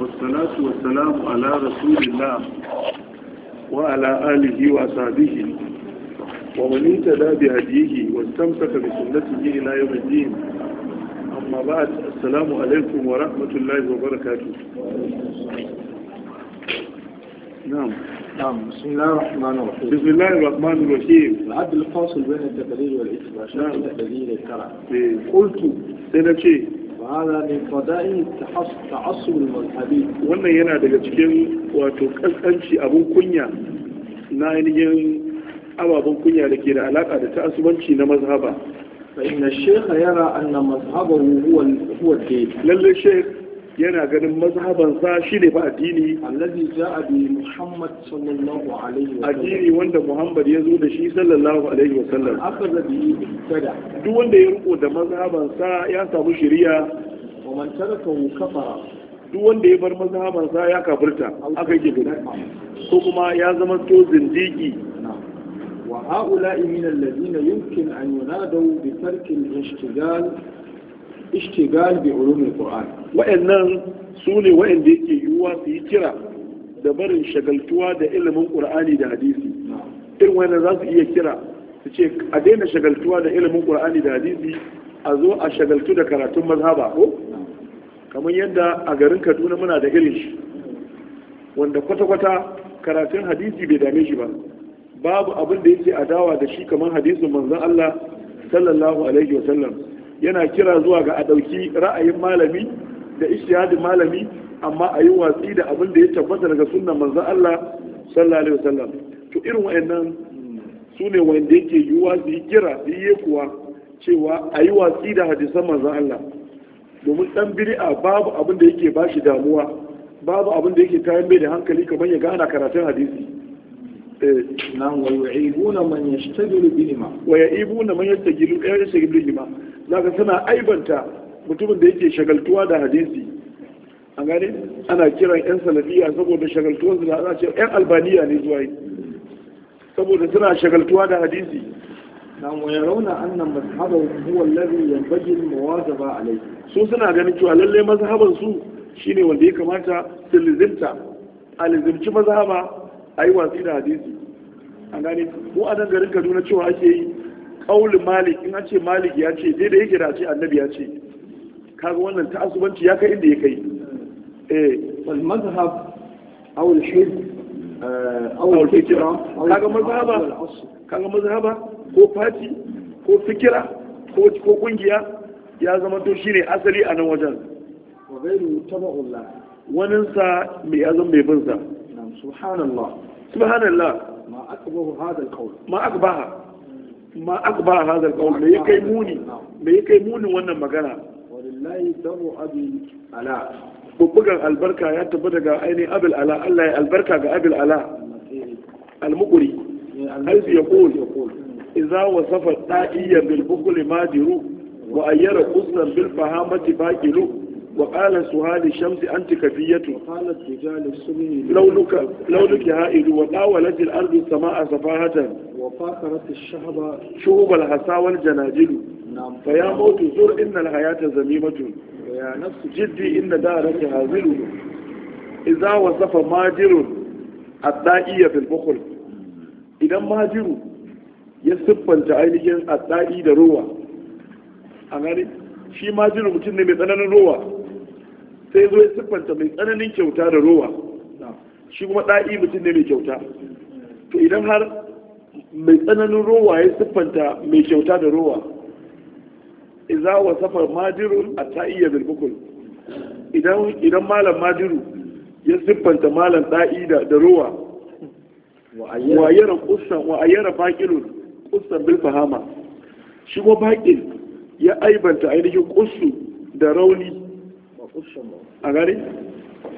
والصلاة والسلام على رسول الله وعلى آله وأصحابه ومن اهتدى بهديه واستمسك بسنته إلى يوم الدين أما بعد السلام عليكم ورحمة الله وبركاته نعم نعم بسم الله الرحمن الرحيم بسم الله الرحمن الرحيم العدل الفاصل بين التقليل والإثبات نعم الكرع إيه، قلت سنة شيء وهذا ne فضائل التعصب المذهبي wannan yana daga cikin wato kaskanci abun kunya na ainihin ababen kunya da ke da alaka da ta'assubanci na mazhaba fa inna shaykha yara anna mazhabahu huwa huwa al lalle yana ganin mazhabansa shi ne fa addini allazi ja'a bi muhammad sallallahu alaihi wa sallam addini wanda muhammad ya zo da shi sallallahu alaihi wa sallam akaza bi ibtada duk wanda ya riko da mazhabansa ya samu shari'a wa man taraka kafara duk wanda ya bar mazhabansa ya kafirta aka yake guda ko kuma ya zama to zindigi wa ha'ula'i min alladhina yumkin an yunadu bi tarki al-ishtigal ishtigal bi ulumul qur'an wa'annan su ne wa'anda yake yiwuwa su yi kira da barin shagaltuwa da ilimin qur'ani da hadisi irin wanda za su iya kira su ce a daina shagaltuwa da ilimin qur'ani da hadisi a zo a shagaltu da karatun mazhaba ko kamar yadda a garin Kaduna muna da irin shi wanda kwata-kwata karatun hadisi bai dame shi ba babu abin da yake adawa da shi kamar hadisin manzon Allah sallallahu alaihi wasallam yana kira zuwa ga a ɗauki ra'ayin malami da ishiyadi malami amma a yi watsi da abin da ya tabbata daga sunan manzan Allah sallallahu alaihi wasallam to irin wayannan su ne wanda yake yiwuwa su yi kira su yi kuwa cewa a yi watsi da hadisan manzan Allah domin ɗan bid'a babu abin da yake ba shi damuwa babu abin da yake kayan mai da hankali kamar ya gana karatun hadisi nan wa yu'ibuna man yastajilu bihima wa yu'ibuna man yastajilu ya yastajilu bihima zaka sana aibanta mutumin da yake shagaltuwa da hadisi an gane ana kiran yan salafiya saboda shagaltuwar su da ana ce yan albaniya ne zuwa yi saboda suna shagaltuwa da hadisi nan wa yarawna anna mazhabahu huwa alladhi yanbaghi al-muwazaba alayhi su suna ganin cewa lalle mazhaban su shine wanda ya kamata su lizimta a lizimci mazhaba a yi watsi da hadisi an gane ko a nan garin kaduna cewa ake yi ƙaulin malik in an ce malik ya ce da yake da ce annabi ya ce kaga wannan ta'asubanci ya kai inda ya kai eh wal mazhab aw al hizb eh, aw fikra kaga mazhaba kaga mazhaba ko fati ko fikira ko ko kungiya ya zama to shine asali a nan wajen wa ghairu tabu'ullah wannan sa me ya zama mai bin sa subhanallah subhanallah ma akbahu hadha alqawl ma akbaha ma akbaha hadha alqawl me yake muni muni wannan magana walillahi albarka ya tabbata ga ainihin abul ala Allah ya albarka ga abul ala al-muqri albi yaqul idza wasafa da'iya bil bukhl madiru wa ayyara quslan bil وقال سهاد الشمس أنت كفية وقالت رجال السمن لونك لونك هائل وطاولت الأرض السماء سفاهة وفاخرت الشهب شهب الحصى والجناجل نعم فيا موت زر إن الحياة زميمة ويا نفس جدي إن دارك هازل إذا وصف ماجر الدائية في البخل إذا ماجر يسبن تعالي الدائي دروا أغاني shi majiru mutum ne mai tsananin rowa sai zo ya siffanta mai tsananin kyauta da rowa shi kuma ɗa'i mutum ne mai kyauta to idan har mai tsananin rowa ya siffanta mai kyauta da rowa iza wa safar madiru a ta'iyya bilbukul idan malam madiru ya siffanta malam ɗa'i da rowa wa ayyara faƙilun kusan bilfahama shi kuma bakin ya aibanta ainihin kusu da rauni a gari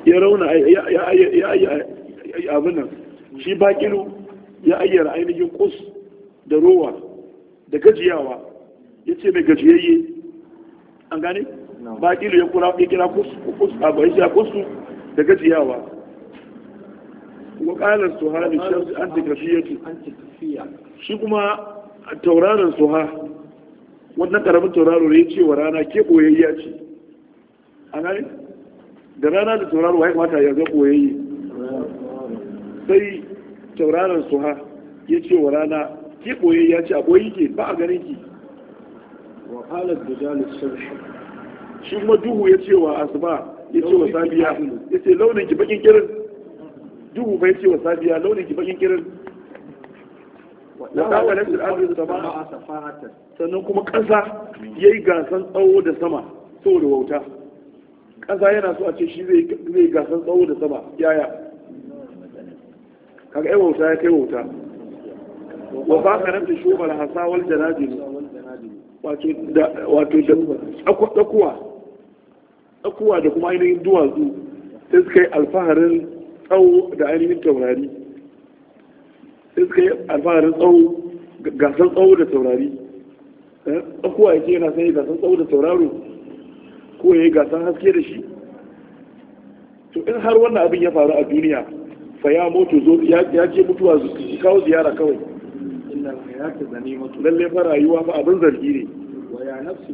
ya rauna ya abin nan shi bakilu ya ayyana ainihin kus da rowa da gajiyawa ya ce mai gajiyayye an gane bakilu ya kura ya kira kus a bai ya kusu da gajiyawa wakalar su su shi an tafiya shi kuma tauraron su ha wannan karamin tauraron da ya ce wa rana ke ɓoyayya ce a da rana da tauraro ya kamata ya ga ɓoyayye sai tauraron su ha ya ce wa rana ke ɓoye ya ce a ɓoye ke ba a ganin ki wa halar da jalis sarshi shi kuma duhu ya ce wa asuba ya ce wa sabiya ya ce launin ki bakin kirin duhu bai ce wa sabiya launin ki bakin kirin sannan kuma ƙasa ya yi gasan tsawo da sama saboda wauta ƙasa yana so a ce shi zai gasar tsawo da sama yaya kaga ai wauta ya kai wauta wa ba ka ranta shubal hasawal janajin wato da wato tsakuwa tsakuwa da kuma ainihin duwatsu sai suka yi alfaharin tsawo da ainihin taurari sai suka yi alfaharin tsawo gasar tsawo da taurari eh, tsakuwa yake yana sanya gasar tsawo da tauraro ko ya yi gasan haske da shi to in har wannan abin ya faru a duniya fa ya moto zo ya je mutuwa su kawo ziyara kawai lalle fa rayuwa fa abin zargi ne wa ya nafsu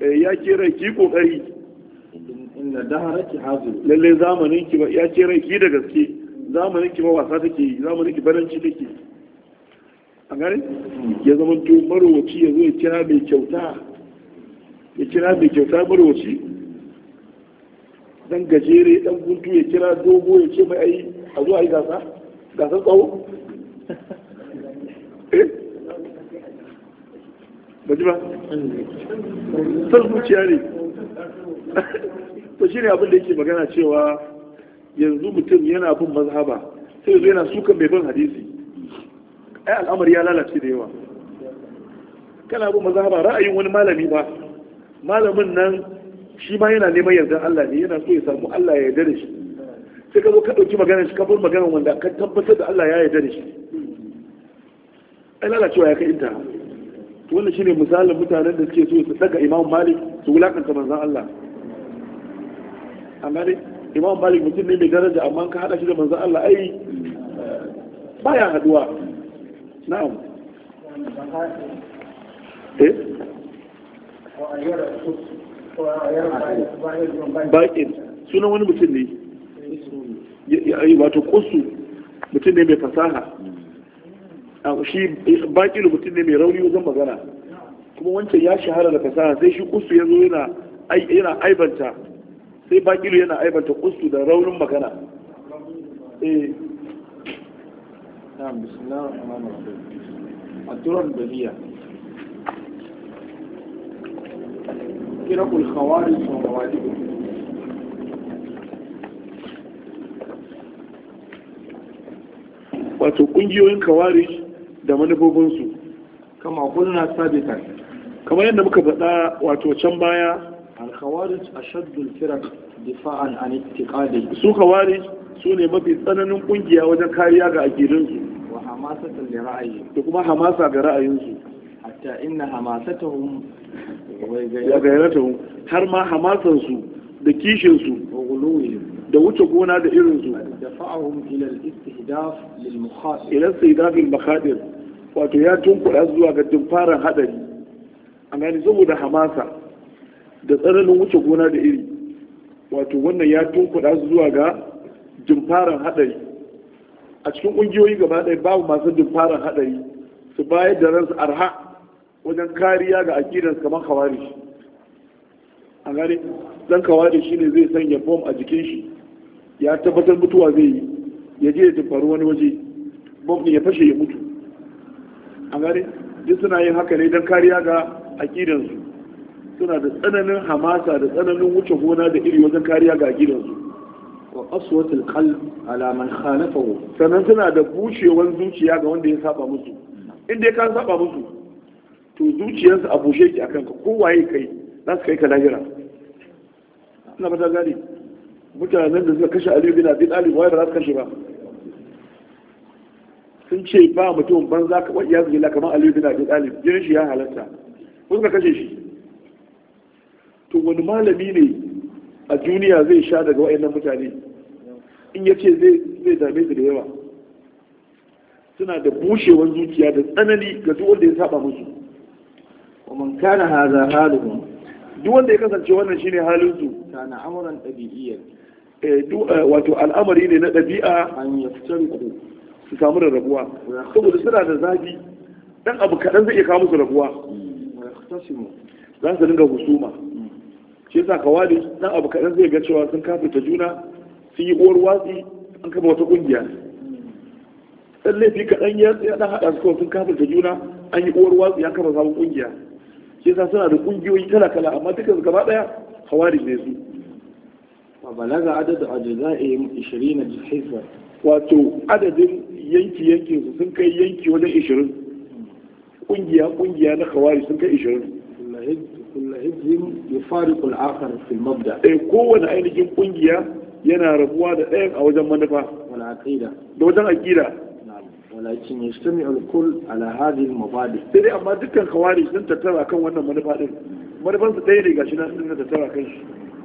eh, ya rai ki kokari Lallai lalle zamanin ki ya ke rai ki da gaske zamanin ki ba wasa take zamanin ki baranci take a gare hmm. ya zama to marowaci ya zo ya kira mai kyauta ya kira mai kyauta marwaci dan gajere dan guntu ya kira dogo ya ce mai ai a zuwa yi gasa gasar tsawo eh ji sun zuciya ne to shi ne abin da yake magana cewa yanzu mutum yana bin mazhaba sai yanzu yana sukan mai bin hadisi ai al'amari ya lalace da yawa kana bin mazhaba ra'ayin wani malami ba malamin nan shi ma yana neman yanzu Allah ne yana so ya samu Allah ya yarda da shi sai ka zo ka ɗauki magana shi ka bar magana wanda ka tabbatar da Allah ya yarda da shi ai lalacewa ya kai inta wannan shine misalin mutanen da suke so su daga Imam Malik su wulakanta manzon Allah amma dai Imam Malik mutum ne mai daraja amma ka hada shi da manzon Allah ai baya haduwa na'am eh baƙin sunan wani mutum ne wato kusu mutum ne mai fasaha shi baƙin mutum ne mai rauni wajen magana kuma wancan ya shahara da fasaha sai shi kusu ya zo yana aibanta sai baƙin yana aibanta kusu da raunin magana نعم بسم الله A turan da biya, فرق الخوارج ومواجبه wato kungiyoyin kawari da manufofinsu kama kulna sabita kamar yadda muka faɗa wato can baya alkhawarij ashaddul firaq difa'an an ittiqadi su khawarij su ne mafi tsananin kungiya wajen kariya ga akidunsu wa hamasatan da ra'ayi da kuma hamasa ga ra'ayinsu hatta inna hamasatahum ya gairata hun har ma hamasansu da kishinsu da wuce gona da irinsu ilan saidafin makadir wato ya tunkuɗa zuwa ga dimfaran haɗari a gani saboda hamasa da tsananin wuce gona da iri wato wannan ya tunkuɗa zuwa ga dimfaran haɗari a cikin ƙungiyoyi gaba ɗaya babu masu dimfaran haɗari su bayar da ransu arha wajen kariya ga akidansu kamar kawari a gani zan kawari shi ne zai sanya bom a jikin shi ya tabbatar mutuwa zai yi ya je ya faru wani waje bom ne ya fashe ya mutu a gani duk suna yin haka ne don kariya ga akidansu. suna da tsananin hamasa da tsananin wuce gona da iri wajen kariya ga akidansu. wa aswatul qalb ala man khalafahu sannan suna da bushewan zuciya ga wanda ya saba musu in dai ka saba musu to zuciyarsa a bushe ki akan ka kowaye kai za su kai ka lahira ina ba ta gane mutanen da suka kashe aliyu bin abin talib waye ba za su kashe ba sun ce ba mutum ban za ka wai ya zuwa kamar aliyu bin abin talib jinin shi ya halatta ko suka kashe shi to wani malami ne a duniya zai sha daga wayannan mutane in ya ce zai dame su da yawa suna da bushewar zuciya da tsanani ga duk wanda ya saba musu ومن كان هذا حالهم duk wanda ya kasance wannan shine halin su kana amran tabi'iyyan wato al'amari ne na dabi'a an yaftariku su samu da rabuwa saboda suna da zafi dan abu kadan zai iya kawo musu rabuwa mm, za su dinga husuma mm. shi yasa kawali dan abu kadan zai ga cewa sun ta juna sun yi uwar watsi an kama wata kungiya dan mm. laifi kadan ya dan hada su sun ta juna an yi uwar watsi an kama sabon kungiya shi yasa suna da kungiyoyi kala kala amma duka gaba daya khawarij ne su wa balaga adadu ajza'ihim 20 hizba wato adadin yanki yanki su sun kai yanki wajen 20 kungiya kungiya na khawarij sun kai 20 kullu hizbin yufariqu al-akhar fi al-mabda eh kowanne ainihin kungiya yana rabuwa da ɗayan a wajen manufa wala aqida da wajen aqida lakin ya al-kull ala hadhihi al-mabadi sai amma dukkan kawari sun tattara kan wannan manufa din manufan su ɗaya ne gashi na sun tattara kan shi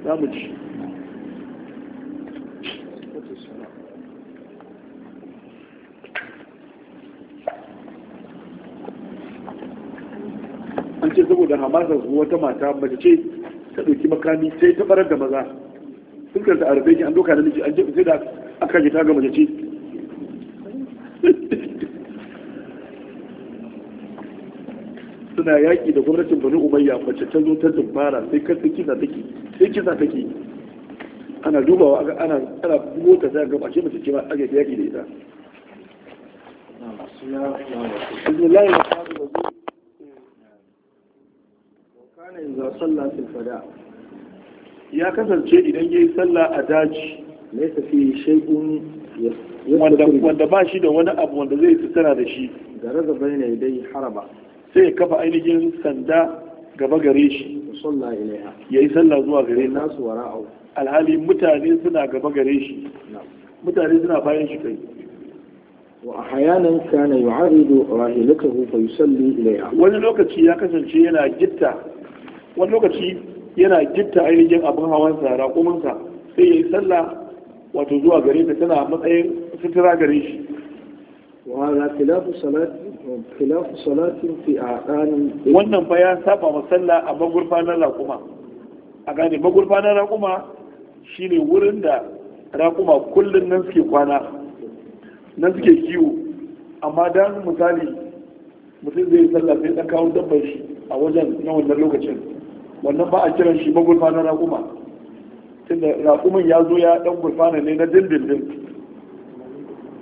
za mu ci an ce saboda hamasa wata mata mace ce ta ɗauki makami sai ta barar da maza sun karta a rufe an doka da miji an je sai da aka ta ga mace ce suna yaƙi da gwamnatin bani umayya mace ta zo ta zumbara sai kasa kisa take sai kisa take ana dubawa ana ana bugo ta zai gaba ce mace ce ma ake yaƙi da ita bismillahir rahmanir rahim kana fil fada ya kasance idan yayi sallah a daji mai fi shay'un wanda wanda ba shi da wani abu wanda zai tsara da shi garaza bayna dai haraba sai ya kafa ainihin sanda gaba gare shi ya yi sallah zuwa gare na alhali mutane suna gaba gare shi mutane suna bayan shi kai وأحيانا كان يعرض راحلته فيصلي إليها wani lokaci ya kasance yana gitta wani lokaci yana gitta ainihin abin hawansa raƙuminsa sai ya yi sallah wato zuwa gare ta tana matsayin sutura gare shi wa ala khilafu salati خلاف صلاة fi aqani wannan fa ya saba wa sallah a magurfanar raƙuma a gane magurfanar raƙuma shine wurin da raƙuma kullum nan suke kwana nan suke kiwo amma dan misali mutum zai sallah sai dan kawo dabbar shi a wajen na wannan lokacin wannan ba a kiran shi magurfanar raƙuma tunda raƙumin ya zo ya dan gurfana ne na dindindin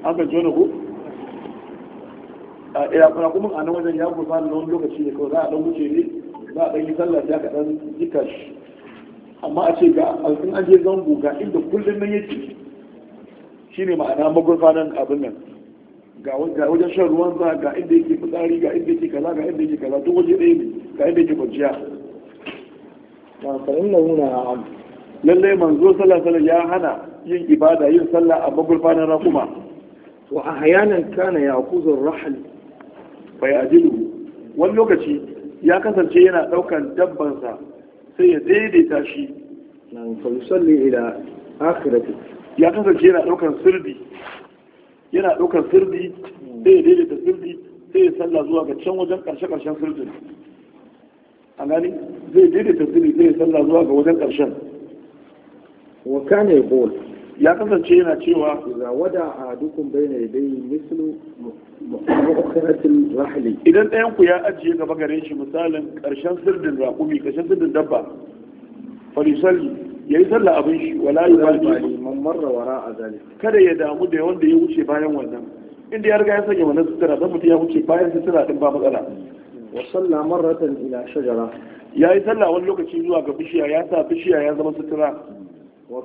an ga jona ko ya eh, kuma a nan wajen ya gurfa da wani lokaci ne kawai za a dan wuce ne za a dan yi sallah ya kaɗan jika shi amma a ce ga alfin an je zango ga inda kullum nan yake ne ma'ana magurfanan abin nan ga wajen shan ruwan za ga inda yake fitsari ga inda yake kaza ga inda yake kaza duk waje ɗaya ne ga inda yake kwanciya na sanin na wuna lallai manzo sallar-sallar ya hana yin ibada yin sallah a magurfanan rakuma wa ahyanan kana yaquzu rahal bai ajilu wani lokaci ya kasance yana ɗaukan dabbansa sai ya daidaita shi nan fa ila akhirati ya kasance yana ɗaukan sirdi yana ɗaukan sirdi sai ya daidaita sirdi sai ya salla zuwa ga can wajen karshe ƙarshen sirdin a gani zai daidaita sirdi sai ya salla zuwa ga wajen ƙarshen wa kana yaqul ya kasance yana cewa idza wada a dukkan ahadukum bayna yadayhi mislu mu'akhiratil rahli idan ɗayan ku ya ajiye gaba gare shi misalin ƙarshen sirdin raƙumi ƙarshen sirdin dabba falisalli yayi sallah abin shi wala yubali man marra wara azalik kada ya damu da wanda ya wuce bayan wannan inda ya riga ya sanya wannan sutura zan mutum ya wuce bayan sutura ɗin ba matsala wa salla marratan ila shajara yayi sallah wani lokaci zuwa ga bishiya ya sa bishiya ya zama sutura wa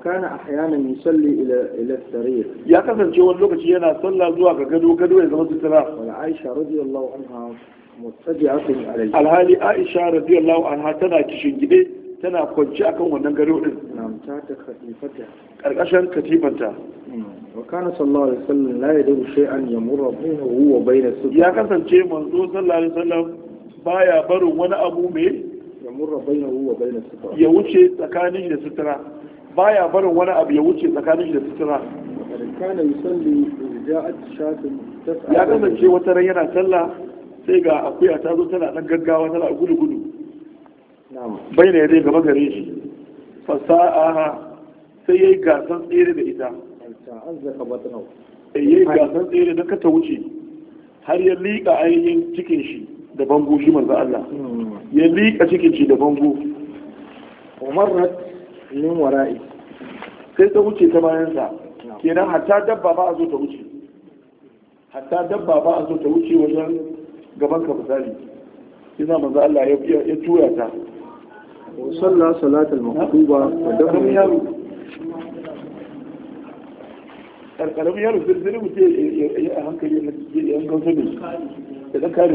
ya kasance wani lokaci yana sallah zuwa ga gado gado ya zama sutura wal aisha radiyallahu anha alayhi alhali aisha radiyallahu anha tana kishin gide tana kwanci akan wannan gado din na'am ta katifata karkashin katifanta hmm. wa ya kasance manzo sallallahu alaihi baya barin wani abu mai yamurru ya wuce tsakanin da sutura baya barin wani abu ya wuce tsakanin shi da sutura ya kasance wata ran yana talla, sai ga akuya ta zo tana dan gaggawa tana gudu gudu bai na dai gaba gare shi fasaha sai yayi gasan tsere da ita eh, yayi gasan tsere da ka wuce har ya liƙa ainihin cikin shi da bango shi manzo Allah hmm. ya liƙa cikin shi da bango umarrat min wara'i sai ta wuce ta bayansa kenan hatta dabba ba a zo ta wuce hatta dabba ba a zo ta wuce wajen gaban ka misali kisa manzo Allah ya tura ta وصلى صلاة المكتوبة ودم يارو القلم يارو زلزل متي أهم كلمة ينقل زمن إذا كان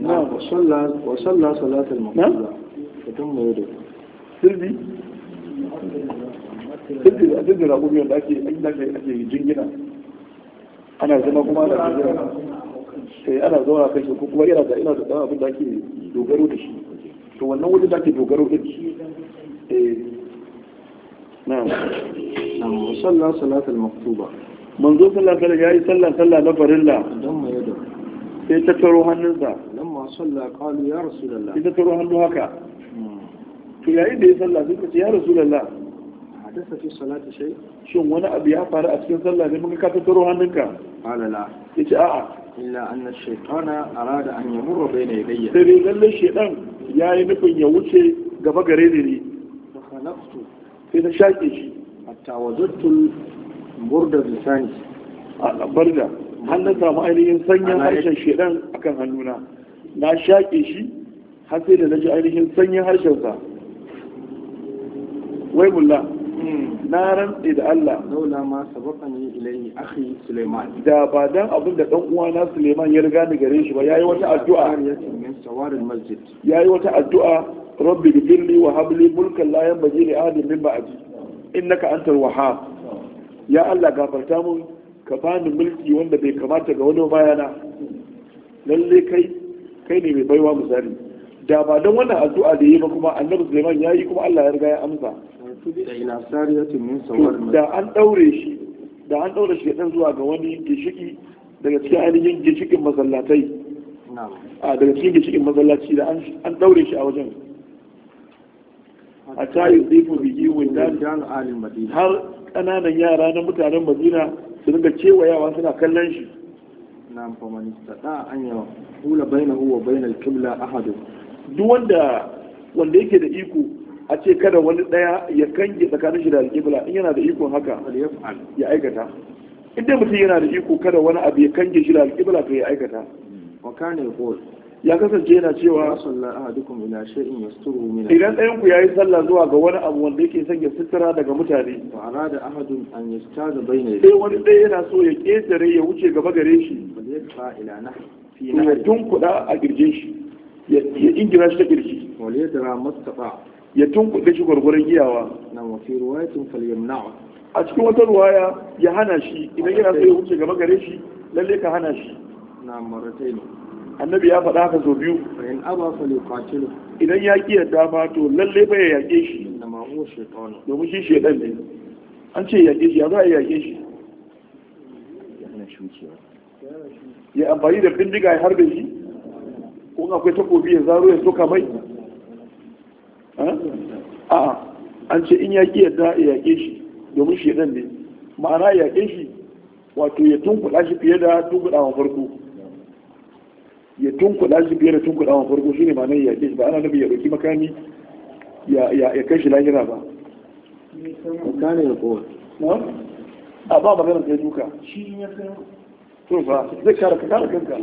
نعم وصلى وصلى صلاة المكتوبة mutum mai da sirbi sirbi da sirbi da gudun da ake ake jingina ana zama kuma ana jingina sai eh, ana zauna kai ko kuma yana da ina da dan abin da ake dogaro da shi to wannan wajen da ake dogaro da shi eh na'am na'am sallan salatul maktuba manzo sallallahu alaihi ya yi sallan sallah na farilla dan mai da sai ta taro hannunsa lamma salla qalu ya rasulullah sai ta taro hannu haka to yayin da ya sallah sai ka ce ya rasulullah hadasa fi salati shay shin wani abu ya faru a cikin sallah ne muka ka tattaro hannunka ala la yace a'a illa anna shaytana arada an yamurra bayna yadayya sai dai lalle shaytan yayi nufin ya wuce gaba gare ni ne khalaqtu sai na shake shi hatta wajadtu burda lisani a barda hannun samu ainihin sanyin harshen shaytan akan hannuna na shaƙe shi har sai da naji ainihin sanyin harshensa wai bulla hmm. na rantsi da Allah laula ma sabaqani ilayhi akhi Sulaiman da ba dan abin da dan uwana Sulaiman ya riga ni gare shi ba yayi wata addu'a yayi wata addu'a rabbi ghfirli wa habli li mulkan la yanbaghi li ahadin min ba'di innaka antal wahhab ya Allah gafarta mun ka bani mulki wanda bai kamata ga wani bayana lalle kai kai ne mai baiwa misali da ba dan wannan addu'a da yi ba kuma annabi Sulaiman yayi kuma Allah ya riga ya amsa da an daure shi da an daure shi dan zuwa ga wani gishiki daga cikin ainihin gishikin masallatai a daga cikin gishikin masallaci da an daure shi a wajen a tayi zifin bigi windan har ƙananan yara na mutanen madina su dinga kewayawa suna kallon shi na'am fa man istata an ya hula bainahu wa bainal qibla ahad duk wanda wanda yake da iko a ce kada wani daya ya kange tsakanin shi da alƙibla in yana da ikon haka ya aikata inda mutum yana da iko kada wani abu ya kange shi da alƙibla to ya aikata ya kasance yana cewa idan ɗayan ku yayi sallah zuwa ga wani abu wanda yake sanya sutura daga mutane sai wani ɗaya yana so ya ƙetare ya wuce gaba gare shi ya tunkuɗa a girgin shi ya ingira shi ta girji ya tunkuɗe shi gwargwaron giyawa na wafi ruwayatin falyamna'a a cikin wata ruwaya ya hana shi idan yana so ya wuce gaba gare shi lalle ka hana shi na marataini annabi ya faɗa haka sau biyu in falle falyuqatilu idan ya ƙi yadda ba to lalle ba ya yaƙe shi na ma'u shaytan domin shi shaytan ne an ce yaƙe shi ya za a yaƙe shi ya amfani da bindiga ya harbe shi ko akwai takobi ya zaro ya soka mai a an ce in yaƙi ya da ya yaƙe shi domin shi ne ma'ana ya yaƙe shi wato ya tunkuɗa shi fiye da tunkuɗawan farko ya tunkuɗa shi fiye da tunkuɗawan farko shi ne ma'ana ya yaƙe shi ba ana nufi ya ɗauki makami ya kai shi lahira ba a ba magana sai duka shi ya kai to fa zai kare kanka ka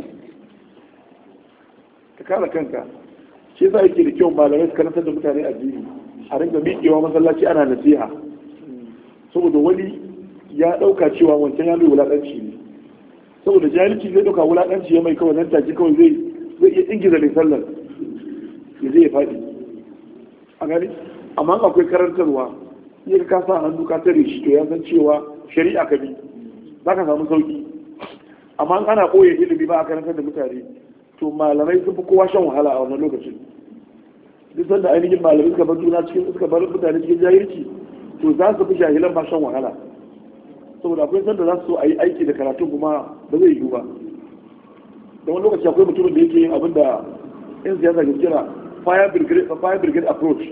kare kanka shi yasa yake da kyau malamai su karanta da mutane addini a rinka miƙewa masallaci ana nasiha saboda wani ya ɗauka cewa wancan ya mai wulaƙanci ne saboda jahilci zai ɗauka wulaƙanci ya mai kawai nan take kawai zai zai iya ingiza mai sallar ya zai ya faɗi a gani amma akwai karantarwa iya ka kasa hannu ka tare shi to ya san cewa shari'a ka bi za ka samu sauki amma ana koya ilimi ba a karantar da mutane to malamai sun fi kowa shan wahala a wannan lokacin duk sanda ainihin malamai suka bar juna cikin suka bar mutane cikin jahilci to za su fi jahilan ba shan wahala saboda akwai sanda za su so a yi aiki da karatun kuma ba zai yiwu ba da wani lokaci akwai mutumin da yake yin abin da yan siyasa ke kira fire brigade approach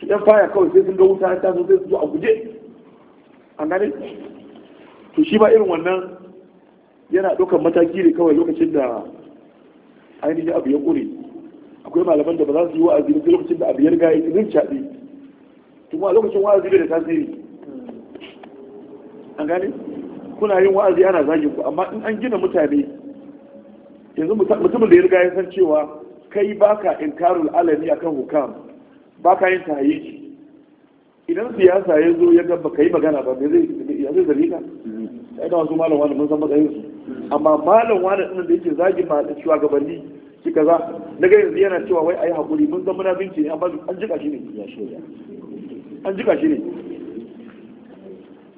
su yan fire kawai sai sun ga wuta ta zo sai su zo a guje an gane to shi ba irin wannan yana ɗaukar mataki ne kawai lokacin da ainihin abu ya ƙure akwai malaman da ba za su yi wa'azi ba lokacin da abu ya riga ya zai to ma lokacin wa'azi bai da tasiri an gane kuna yin wa'azi ana zagin ku amma in an gina mutane yanzu mutumin da ya riga ya san cewa kai baka inkarul alami akan hukam baka yin tahayyuki idan siyasa ya zo ya ga baka yi magana ba me zai ya zai zalika sai mm-hmm. da wasu mun san matsayinsu. amma malam wani ɗin da yake zagi ma cewa shugabanni shi kaza na ga yanzu yana cewa wai ayi hakuri mun zama na binci ne an jika shi ne an jika shi ne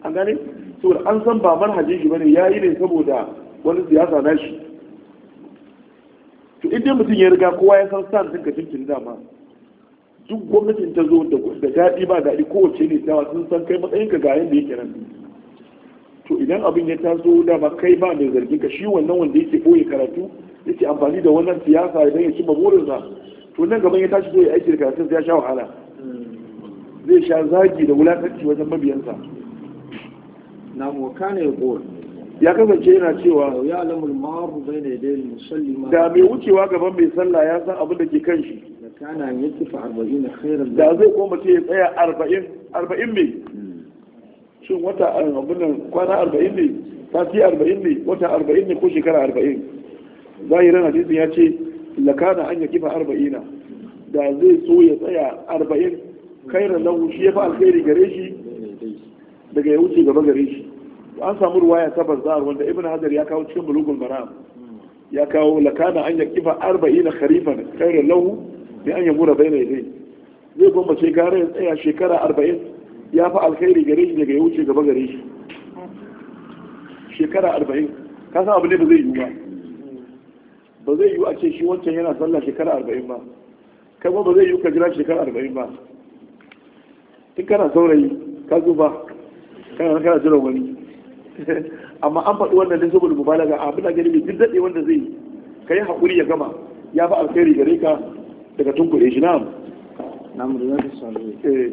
an gane saboda an san ba manhajin shi bane yi ne saboda wani siyasa na shi to idan mutum ya riga kowa ya san san sun ka tuntun dama duk gwamnatin ta zo da daɗi ba daɗi kowace ne tawa sun san kai matsayin matsayinka ga yadda yake nan to idan abin ya taso dama kai ba mai zargin ka shi wannan wanda yake boye karatu yake amfani da wannan siyasa idan ya cimma burinsa to nan gaban ya tashi zai aiki da karatun ya sha wahala zai sha zagi da wulakanci wajen mabiyansa na mokana ya gol ya kasance yana cewa ya alamul maru bai da yadda musallima da mai wucewa gaban mai sallah ya san abin da ke kan shi da kana yattifa arba'in khairan da zai koma ce ya tsaya arba'in mai shin wata abin kwana arba'in ne sati arba'in ne wata arba'in ne ko shekara arba'in zahirin hadisin ya ce lakana an ya kifa arba'ina da zai so ya tsaya arba'in kairan lahu shi ya fi alkhairi gare shi daga ya wuce gaba gare shi an samu ruwaya ta bazar wanda ibn hajar ya kawo cikin bulugul maram ya kawo lakana an ya kifa arba'ina kharifan kairan lahu bi an yamura bayna yadayhi zai gwammace gara ya tsaya shekara arba'in ya fi alkhairi gare shi daga ya wuce gaba gare shi shekara arba'in ka san abu ne ba zai yiwu ba ba zai yiwu a ce shi wancan yana sallah shekara arba'in ba kai ba zai yiwu ka jira shekara arba'in ba in kana saurayi ka zuba kana kana jiran wani amma an faɗi wannan din saboda mubalaga abin da gani duk daɗe wanda zai kai haƙuri ya gama ya fi alkhairi gare ka daga tunkure shi na'am na'am da zai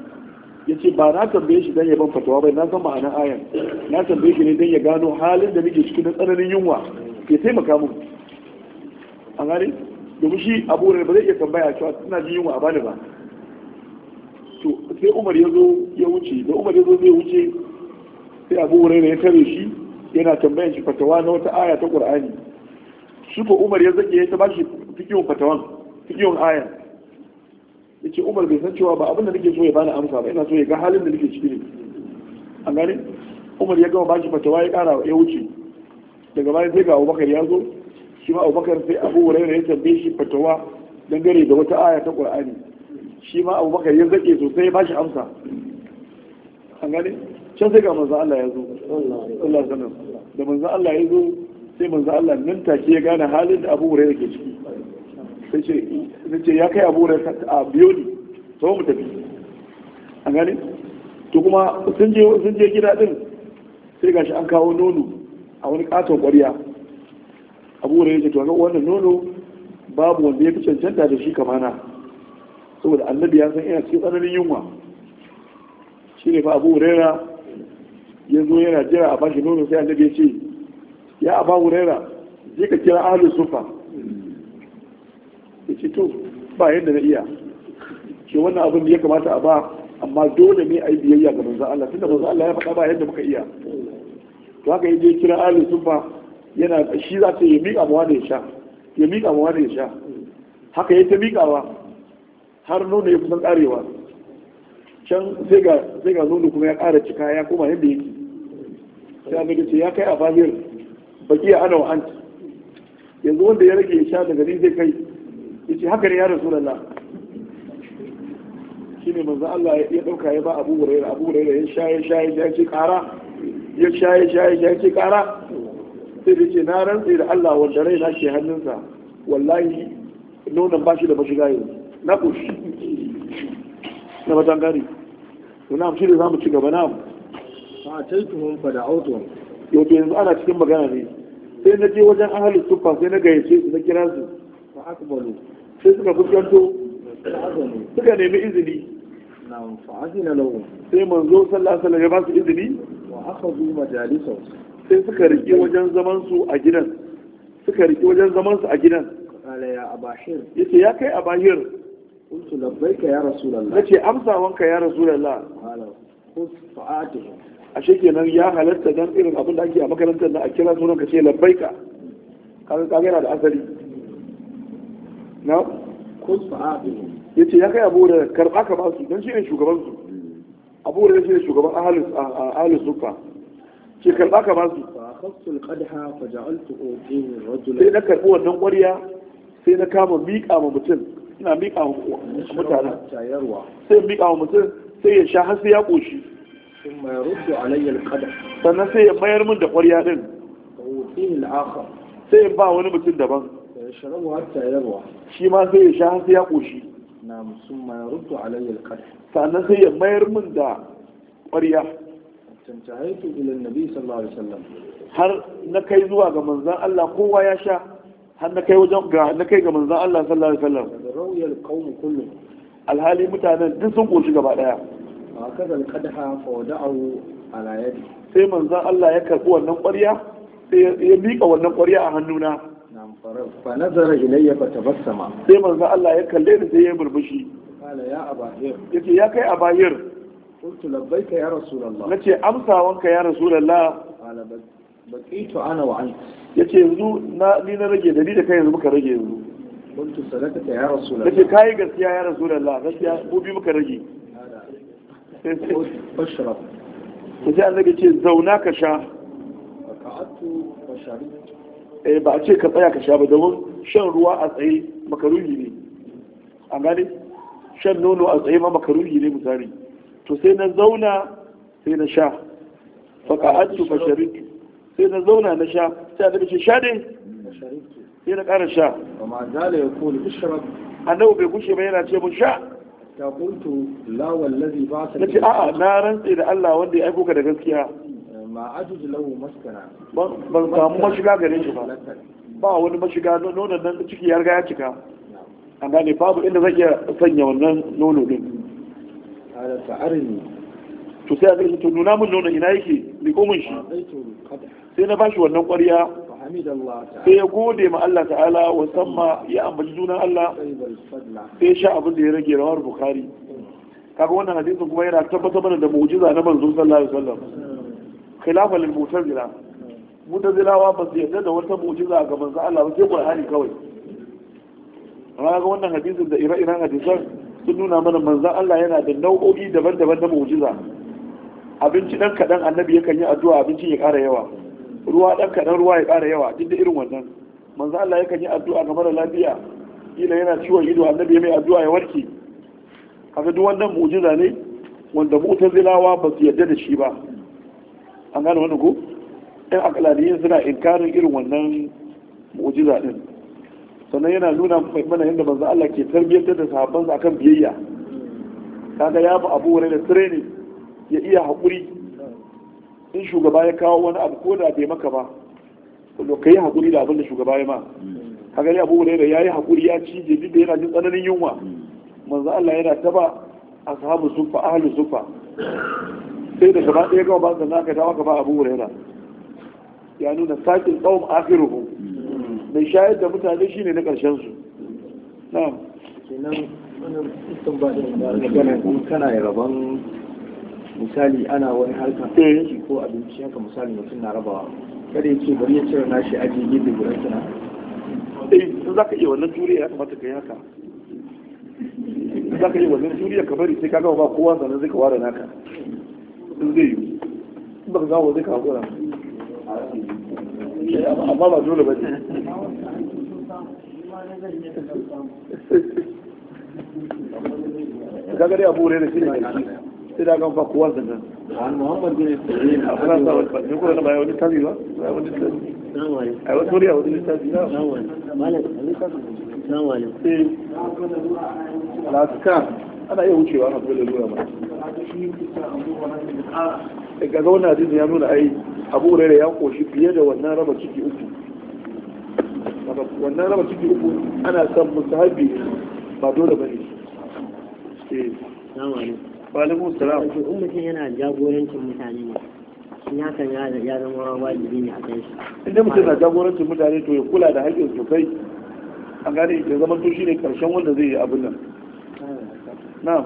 ya ce ba na tambaye shi don ya ban fatawa bai na san ma'anar ayan na tambaye shi ne don ya gano halin da nake cikin tsananin yunwa ya taimaka mun an gane domin shi abu ba zai iya tambaya cewa suna jin yunwa a bani ba to sai umar ya zo ya wuce da umar ya zo zai wuce sai abu ne ya tare shi yana tambayan shi fatawa na wata aya ta qur'ani shi ko umar ya zage ya ta bashi fikihun fatawan fikihun ayan yace Umar bai san cewa ba abin da nake so ya bani amsa ba ina so ya ga halin da nake ciki ne an gane Umar ya gama bashi fatawa ya kara ya wuce daga bayan sai ga Abubakar ya zo shi ma Abubakar sai Abu Hurairah ya tambaye shi fatawa dangane da wata aya ta Qur'ani shi ma Abubakar ya zake sosai ya bashi amsa an gane can sai ga manzo Allah ya zo Allah sanar da manzo Allah ya zo sai manzo Allah nan take ya gane halin da Abu Hurairah ke ciki sai ce ya kai abu a biyo ni to mu tafi an gane to kuma sun je gida din sai gashi an kawo nono a wani katon ƙwarya abu da yake to ga wannan nono babu wanda ya fi cancanta da shi kamana saboda annabi ya san ina cikin tsananin yunwa shi ne fa abu rera ya zo yana jira a bashi nono sai annabi ya ce ya abu rera je ka kira ahlus sufa ya ce to ba yadda na iya ke wannan abin da ya kamata a ba amma dole ne a yi biyayya ga manzan Allah tunda manzan Allah ya faɗa ba yadda muka iya to haka yaje kira Ali Sufa yana shi za ta yi miƙa mawa da ya sha ya miƙa mawa da ya sha haka ya ta miƙawa har nono ya kusan ƙarewa can sai ga nono kuma ya ƙara cika ya koma yadda yake sai ga ce ya kai a famiyar baki ya ana wa yanzu wanda ya rage ya sha daga ni zai kai ce haka ne ya rasulullah shine manzo Allah ya dauka ya ba Abu Hurairah Abu Hurairah ya shaye shaye ya ce kara ya shaye shaye ya ce kara sai dace na rantsi da Allah wanda rai ke hannunsa wallahi nonon bashi da mashiga yanzu na kushi na matangari to na shi da zamu ci gaba na a taituhum fa da auto yau yanzu ana cikin magana ne sai na je wajen ahalin sufa sai na gayyace su na kira su fa akbalu sai suka fuskanto suka nemi izini sai manzo sallallahu sallah ya ba su izini sai suka riƙe wajen zaman su a gidan suka riƙe wajen zaman su a gidan ya ce ya kai a bahir ya ce amsa amsawanka ya rasulallah. qala khudh ashe kenan ya halatta don irin abin da ake a makarantar da a kira sunan ka ce labbaika kaga kaga yana da asali na kun sa'adin yace ya kai abu da karba ka ba su dan shine shugaban su hmm. abu da ne shugaban ahlus ahlus sufa ce karba ka ba su fa khasul qadha sai na karɓi wannan ƙwarya sai na kama miƙa ma mutum ina miƙa ma mutane sai miƙa ma mutum sai ya sha har sai ya ƙoshi. sannan sai ya mayar min da ƙwarya din sai ba wani mutum daban yashrabu hatta yabwa shi ma sai ya sha har ya koshi na musamman ya rutu alayya sannan sai ya mayar min da ƙwarya tantahaitu ila annabi sallallahu alaihi wasallam har na kai zuwa ga manzon Allah kowa ya sha har na kai wajen ga na kai ga manzon Allah sallallahu alaihi wasallam rawiyal qaum kullu alhali mutanen duk sun koshi gaba daya akaza alqadha fa wada'ahu ala yadi sai manzon Allah ya karbi wannan ƙwarya sai ya miƙa wannan ƙwarya a hannuna fa nazara ilayya fa tabassama sai manzo Allah ya kalle ni sai ya murmushi kala ya abahir yace ya kai abahir qultu labbaika ya rasulullah nace ya rasulullah kala baqitu ana wa anta yace yanzu na ni na rage da ni da kai yanzu muka rage yanzu qultu sadaqata ya rasulullah nace kai gaskiya ya rasulullah gaskiya mu bi muka rage fashrab sai annabi ce zauna ka sha faka'atu wa sharibtu Eh, ba a ce ka tsaya ka sha ba domin shan ruwa a tsaye makaruni ne A gane shan nono a tsaye ma makaruni ne misali to sai na zauna sai na sha faka'attu fa sharitu sai na zauna na sha sai a ce sha ne. sai na ƙara sha amma zala ya koli ishrab annabi bai gushe ba yana ce mun sha ta kuntu lawan lazi ba ta ce a'a na rantse da Allah wanda ya aiko ka da gaskiya ma ajuj lahu maskana ban samu mashiga gare shi ba ba wani mashiga nonon nan ciki ya riga ya cika an gane babu inda zai iya sanya wannan nono din ala ta'arini to sai ga to nuna mun nono ina yake ni ko mun shi sai na bashi wannan ƙwarya sai ya gode ma Allah ta'ala wa samma ya ambaci sunan Allah sai ya sha abin da ya rage rawar bukhari kaga wannan hadisin kuma yana tabbatar mana da mu'jiza na manzon sallallahu alaihi wasallam khilafa lil mu'tazila mu'tazilawa ba su yadda da wata mu'jiza ga manzo Allah ba sai Qur'ani kawai amma ga wannan hadisin da ire-iren hadisan sun nuna mana manzo Allah yana da nau'o'i daban-daban na mu'jiza abinci dan kadan annabi yakan yi addu'a abinci ya ƙara yawa ruwa dan kadan ruwa ya ƙara yawa duk da irin wannan manzo Allah yakan yi addu'a ga mara lafiya kila yana ciwon ido annabi mai addu'a ya warke kaga duk wannan mu'jiza ne wanda mu'tazilawa ba su yarda da shi ba an gane wani ko yan akaladiyin suna inkarin irin wannan mu'jiza din sannan yana nuna mai mana yadda manzo Allah ke tarbiyyantar da sahabban sa akan biyayya kaga ya fi abu wani da tsire ya iya haƙuri in shugaba ya kawo wani abu ko da bai maka ba to kai haƙuri da abin da shugaba ya ma kaga ne abu wani da yayi haƙuri ya cije duk da yana jin tsananin yunwa manzo Allah yana taba ashabu sufa ahli sufa sai da gaba ɗaya gaba da za dawo gaba abu wurera ya nuna sakin tsawon akiruhu mai shayar da mutane shi ne na ƙarshen su na'am kenan wannan rabon misali ana wani harka abinci ko abinci haka misali mutum na rabawa kada ya ce bari ya cire nashi ajiye gefe guda tana eh za ka iya wannan juriya ya kamata ka yi haka za ka iya wannan juriya ka bari sai ka gama ba kowa sannan zai ka ware naka in zai yi zai kawo amma ba dole ba abu da shi ne sai da da nan muhammad a sa wani kuma na bayan wani tabi ba bayan wani tabi a wani ana iya wucewa na zuwa lalura ba eh, ga zaune hadisi ya nuna ai abu rere ya koshi fiye da wannan raba ciki uku wannan raba ciki uku ana san musahabi ba dole ba ne Walaikun salam. In mutum yana jagorancin mutane ne, in hakan ya zama wajibi ne a kai shi. Inda mutum na jagorancin mutane to ya kula da haƙƙin sosai, an gane ya zama to shi ne ƙarshen wanda zai yi abin nan. نعم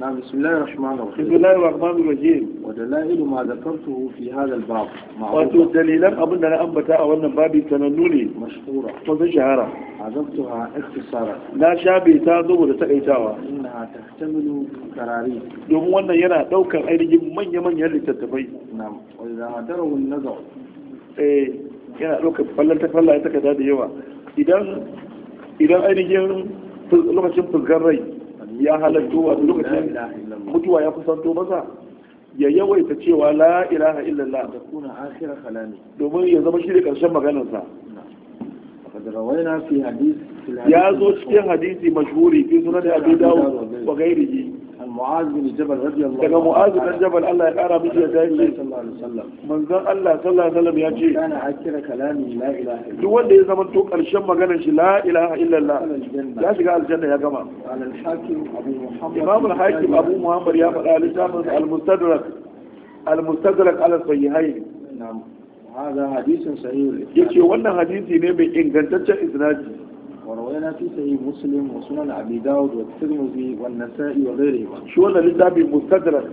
نعم بسم الله الرحمن الرحيم بسم الله الرحمن الرحيم ودلائل ما ذكرته في هذا الباب معروفة واتو دليلا أبنى لأبتا وأن بابي تنوني مشهورة وبشهرة عذبتها اختصارا لا شابي تاضو لتأيتاوا إنها تحتمل كراري دوم وانا ينا دوكا أيدي من يمن يلي تتبعي نعم وإذا دروا النظر إيه ينا لوك فلن تفلع تكتادي يوا إذا إذا أيدي لوك شمت الغرين ya halatto a lokacin mutuwa ya kusanto masa ya yawaita cewa la ilaha illallah da kuna akhira kalami domin ya zama shi karshen maganarsa ya zo cikin hadisi mashhuri fi sunan abu dawud wa mu'az bin jabal radiyallahu daga mu'az bin jabal Allah ya kara miki ya dace sallallahu alaihi wasallam Allah sallallahu ya ce duk wanda ya zama to karshen maganar shi la ilaha illallah ya shiga aljanna ya gama al-hakim abu muhammad imam al-hakim abu muhammad ya faɗa littafin al-mustadrak al-mustadrak ala sahihain na'am hada sahih yace wannan hadisi ne mai ingantaccen isnadi وروينا في صحيح مسلم وسنن ابي داود والترمذي والنسائي وغيرهما شو wannan littafi mustadrak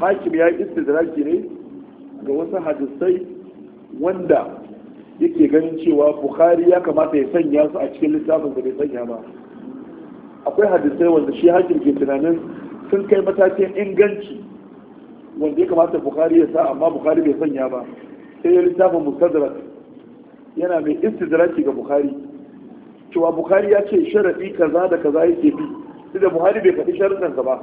hakim ya yi istidraki ne ga wasu hadisai wanda yake ganin cewa bukhari ya kamata ya sanya su a cikin littafin da bai sanya ba akwai hadisai wanda shi hakim ke tunanin sun kai matakin inganci wanda ya kamata bukhari ya sa amma bukhari bai sanya ba sai ya littafin mustadrak yana mai istidraki ga bukhari cewa bukari ya ce sharaɗi kaza da kaza yake bi sai da buhari bai faɗi sharaɗinsa ba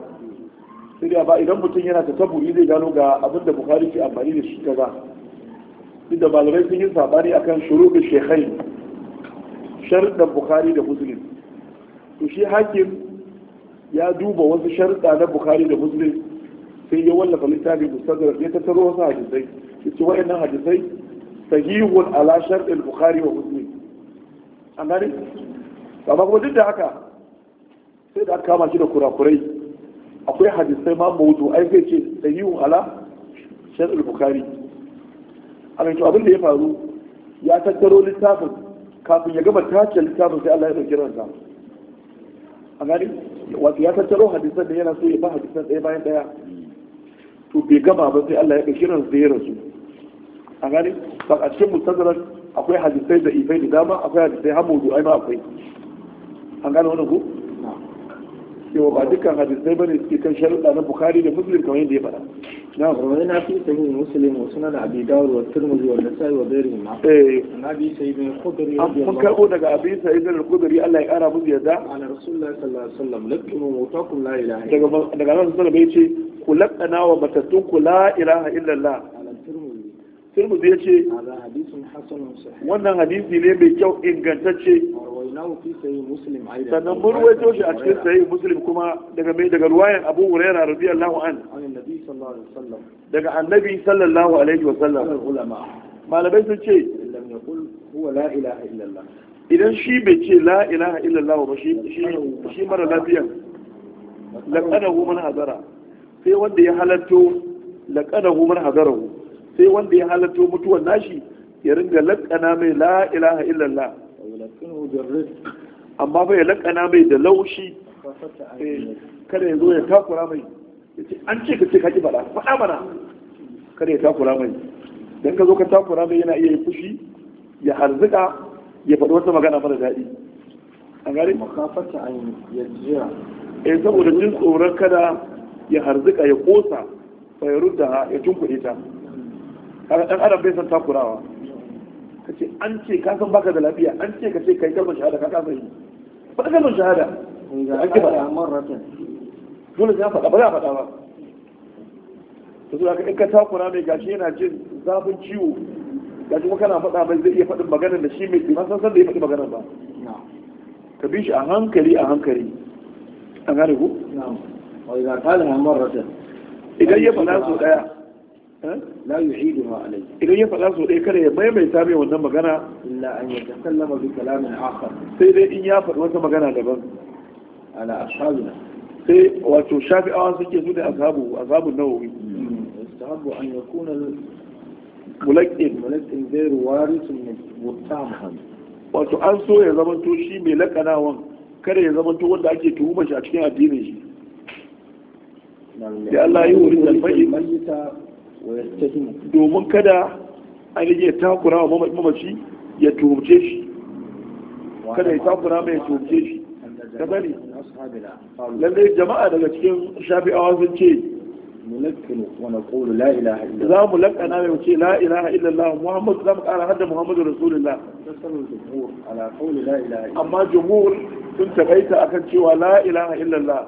sai da ba idan mutum yana ta taburi zai gano ga abin da bukhari ke amfani da shi kaza Inda da malamai sun yi sabani akan da shekhai sharuɗin Buhari da muslim to shi hakim ya duba wasu sharuɗa na bukhari da muslim sai ya wallafa littafi mustadrak ya tattaro wasu hadisai ya ce wa'annan hadisai sahihun ala sharɗin Buhari wa muslim an gane amma kuma duk da haka sai da aka kama shi da kurakurai akwai hadisai ma mawudu ai zai ce sahihun ala al bukhari a to abin da ya faru ya tattaro littafin kafin ya gama tace littafin sai Allah ya dauki ransa a gani wato ya tattaro hadisan da yana so ya ba hadisan ɗaya bayan ɗaya to bai gama ba sai Allah ya dauki ransa ya rasu a gani ba a cikin mustadrak akwai hadisai da ifai da dama akwai hadisai har mawdu'ai ma akwai an gane wannan ku cewa ba dukkan hadisai bane suke kan sharuɗa na bukhari da muslim kamar yadda ya faɗa na kuma na fi sahih muslim na sunan abi dawud wa tirmidhi wa nasa'i wa ghayrihim eh nabi sayyid al-khudri mun karbo daga abi sayyid al-khudri Allah ya kara musu yadda ana rasulullahi sallallahu alaihi wasallam laqimu mutakum la ilaha daga daga nan sallallahu alaihi ce yace ku laqana wa matattun ku la ilaha illallah turmuzi ya ce wannan hadisi ne mai kyau ingantacce sannan mun ruwaito shi a cikin sahih muslim kuma daga mai daga ruwayan abu hurairah radiyallahu an daga annabi sallallahu alaihi wa sallam malamai sun ce idan shi bai ce la ilaha illallah ba shi mara lafiyan laqadahu mana hadara sai wanda ya halatto laqadahu mana hadarahu sai wanda ya halatto mutuwar nashi ya ringa lakana mai la ilaha illallah amma fa ya lakana mai da laushi eh, kada ya zo ya takura mai an ce ka ce ka ki faɗa faɗa mana kada ya takura mai dan ka zo ka takura mai yana iya fushi ya harzuka ya faɗi wata magana mara daɗi a gari makafata an yajiya eh saboda jin tsoron kada ya harzuka ya kosa fa ya rudda ya tunkuɗe ta kaga dan adam bai san takurawa kace an ce ka san baka da lafiya an ce ka ce kai kalmar shahada ka kasa yi ba kalmar shahada an ki faɗa marratan dole sai faɗa ba za faɗa ba to zuwa ka in ka takura mai gashi yana jin zafin ciwo gashi kuma kana faɗa mai zai iya faɗin magana da shi mai bai san san da ya faɗi maganar ba ka bi shi a hankali a hankali an gane ku na'am wa idza qala marratan idan ya faɗa so daya Eh? la yu'iduha alayhi idan ya faɗa so dai kada ya maimaita mai wannan magana illa an yatakallama bi kalamin akhar sai dai in ya faɗi wata magana daban ala ashabina sai wato shafi'awa suke su da azabu ashabu nawawi hmm. yastahabu an yakuna mulaqqin mulaqqin ghayru warisun min mutamhan wato an so ya zamanto shi mai lakanawan kada ya zamanto wanda ake tuhuma shi a cikin addinin shi da Allah yi wurin da domin kada ainihin ya takura wa mamaci ya tuhumce shi kada ya takura mai ya tuhumce shi ta bari lallai jama'a daga cikin shafi'awa sun ce za mu lakana mai wuce la illallah muhammadu za mu kara hadda muhammadu rasulullah amma jumhur sun tabaita akan cewa la illallah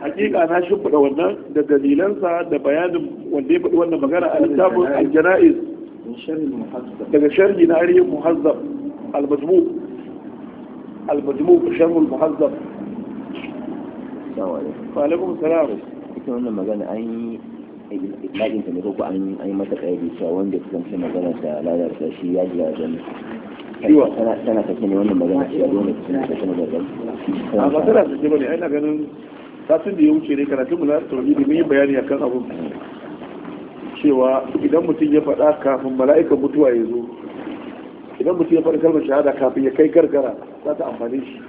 hakika na shimfiɗa wannan da dalilansa da bayanin wanda ya magana a littafin aljana'iz daga sharhi na ainihin muhazzab al-majmu al-majmu sharhul salam ita wannan magana an yi ikilakin ta ne ko an yi mata kaidi cewa wanda ya kasance magana da lalata shi ya ji ya zama ciwo tana tana take ne wannan magana ce dole ne tana take magana a ba tana take bane ai na ganin satin da ya wuce ne karatu mu na tauhidi mun yi bayani akan abun cewa idan mutum ya faɗa kafin mala'ikan mutuwa ya zo idan mutum ya faɗi kalmar shahada kafin ya kai gargara za ta amfani shi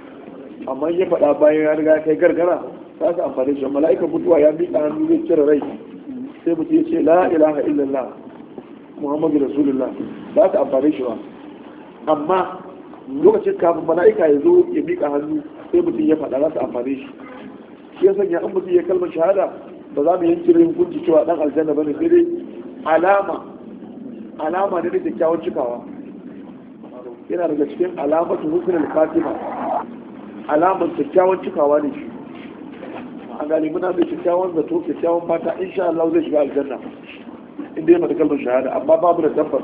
amma ya faɗa bayan ya riga kai gargara za ta amfani shi mala'ikan mutuwa ya miƙa hannu zai cire rai sai mutum ya ce la ilaha illallah muhammadu rasulullah za ta amfani shi ba amma lokacin kafin mala'ika ya zo ya miƙa hannu sai mutum ya faɗa za su amfani shi shi ya sanya an mutum ya kalmar shahada ba za mu yanke rai hukunci cewa ɗan aljanna ne sai dai alama alama ne da kyakkyawan cikawa yana daga cikin alamatu husnul fatima alamar kyakkyawan cikawa ne shi a gani muna da kyakkyawan zato kyakkyawan fata insha Allah zai shiga aljanna in dai mata kalmar shahada amma babu da tabbas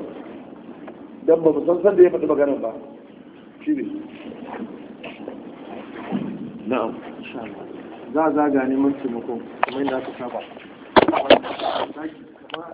don ba mu san san da ya faɗi maganar ba shi ne na'am za a zaga neman taimako kamar yadda aka saba